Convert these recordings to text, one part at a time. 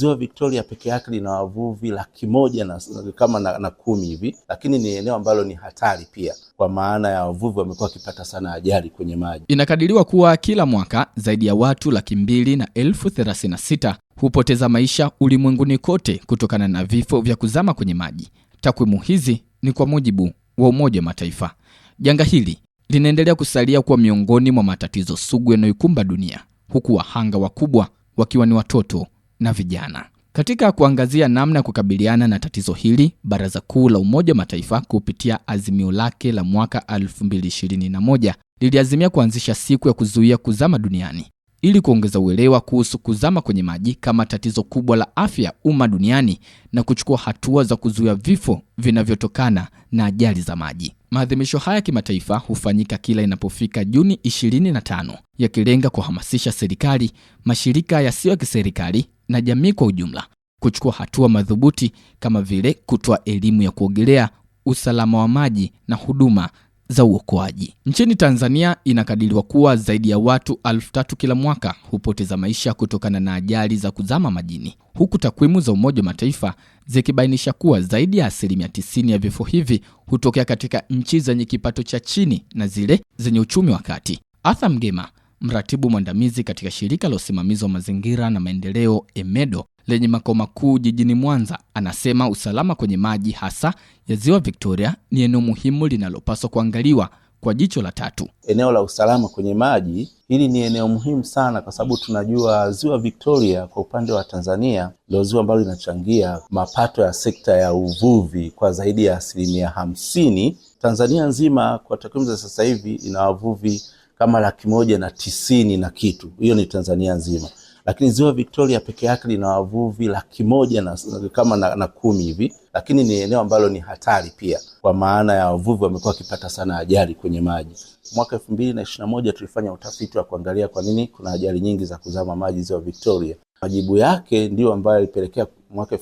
Ziwa Victoria peke yake lina wavuvi laki moja na, kama na, na kumi hivi, lakini ni eneo ambalo ni hatari pia, kwa maana ya wavuvi wamekuwa wakipata sana ajali kwenye maji. Inakadiriwa kuwa kila mwaka zaidi ya watu laki mbili na elfu thelathini na sita hupoteza maisha ulimwenguni kote kutokana na vifo vya kuzama kwenye maji. Takwimu hizi ni kwa mujibu wa Umoja wa Mataifa. Janga hili linaendelea kusalia kuwa miongoni mwa matatizo sugu yanayoikumba dunia huku wahanga wakubwa wakiwa ni watoto na vijana. Katika kuangazia namna ya kukabiliana na tatizo hili, Baraza Kuu la Umoja wa Mataifa kupitia azimio lake la mwaka 2021 liliazimia kuanzisha siku ya kuzuia kuzama duniani ili kuongeza uelewa kuhusu kuzama kwenye maji kama tatizo kubwa la afya ya umma duniani na kuchukua hatua za kuzuia vifo vinavyotokana na ajali za maji. Maadhimisho haya ya kimataifa hufanyika kila inapofika Juni 25 yakilenga kuhamasisha serikali, mashirika yasiyo ya kiserikali na jamii kwa ujumla kuchukua hatua madhubuti kama vile kutoa elimu ya kuogelea, usalama wa maji na huduma za uokoaji. Nchini Tanzania inakadiriwa kuwa zaidi ya watu 3 kila mwaka hupoteza maisha kutokana na ajali za kuzama majini, huku takwimu za Umoja wa Mataifa zikibainisha kuwa zaidi ya asilimia 90 ya vifo hivi hutokea katika nchi zenye kipato cha chini na zile zenye uchumi wa kati. Arthur Mgema mratibu mwandamizi katika shirika la usimamizi wa mazingira na maendeleo EMEDO lenye makao makuu jijini Mwanza, anasema usalama kwenye maji hasa ya ziwa Victoria ni eneo muhimu linalopaswa kuangaliwa kwa jicho la tatu. Eneo la usalama kwenye maji hili ni eneo muhimu sana, kwa sababu tunajua ziwa Victoria kwa upande wa Tanzania ndio ziwa ambalo linachangia mapato ya sekta ya uvuvi kwa zaidi ya asilimia hamsini. Tanzania nzima kwa takwimu za sasa hivi ina wavuvi kama laki moja na tisini na kitu, hiyo ni Tanzania nzima, lakini ziwa Victoria peke yake lina wavuvi laki moja na, kama na, na kumi hivi, lakini ni eneo ambalo ni hatari pia, kwa maana ya wavuvi wamekuwa wakipata sana ajali kwenye maji. Mwaka elfu mbili na ishirini na moja tulifanya utafiti wa kuangalia kwa nini kuna ajali nyingi za kuzama maji ziwa Victoria. Majibu yake ndio ambayo alipelekea mwaka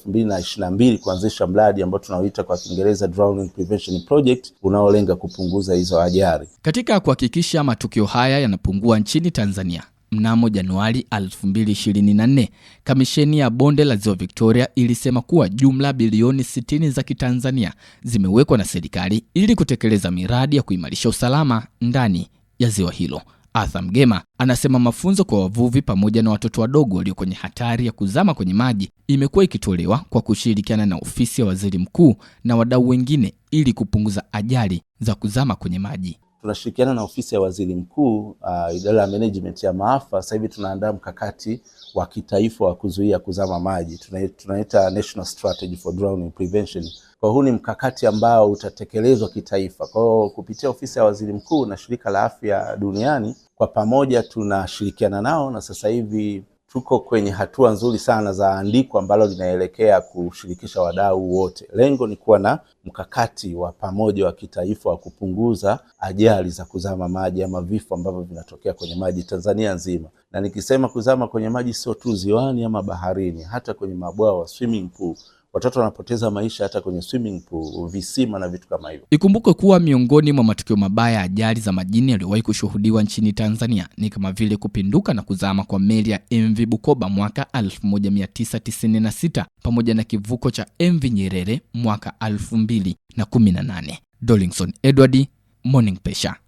mbili kuanzisha mradi ambao tunaoita kwa Kiingereza Drowning Prevention Project unaolenga kupunguza hizo ajali. Katika kuhakikisha matukio haya yanapungua nchini Tanzania, mnamo Januari 2024 kamisheni ya bonde la Ziwa Victoria ilisema kuwa jumla bilioni 60 za Kitanzania zimewekwa na serikali ili kutekeleza miradi ya kuimarisha usalama ndani ya ziwa hilo. Arthur Mgema anasema mafunzo kwa wavuvi pamoja na watoto wadogo walio kwenye hatari ya kuzama kwenye maji imekuwa ikitolewa kwa kushirikiana na ofisi ya waziri mkuu na wadau wengine ili kupunguza ajali za kuzama kwenye maji tunashirikiana na ofisi ya waziri mkuu uh, idara ya management ya maafa. Sasa hivi tunaandaa mkakati wa kitaifa wa kuzuia kuzama maji, tunaita National Strategy for Drowning Prevention. Kwa huu ni mkakati ambao utatekelezwa kitaifa. Kwa hiyo kupitia ofisi ya waziri mkuu na shirika la afya duniani kwa pamoja tunashirikiana nao na sasa hivi tuko kwenye hatua nzuri sana za andiko ambalo linaelekea kushirikisha wadau wote. Lengo ni kuwa na mkakati wa pamoja wa kitaifa wa kupunguza ajali za kuzama maji ama vifo ambavyo vinatokea kwenye maji Tanzania nzima. Na nikisema kuzama kwenye maji sio tu ziwani ama baharini, hata kwenye mabwawa swimming pool watoto wanapoteza maisha hata kwenye swimming pool, visima na vitu kama hivyo. Ikumbukwe kuwa miongoni mwa matukio mabaya ya ajali za majini yaliyowahi kushuhudiwa nchini Tanzania ni kama vile kupinduka na kuzama kwa meli ya MV Bukoba mwaka 1996 pamoja na kivuko cha MV Nyerere mwaka 2018. Dollingson Edward, Morning Pesha.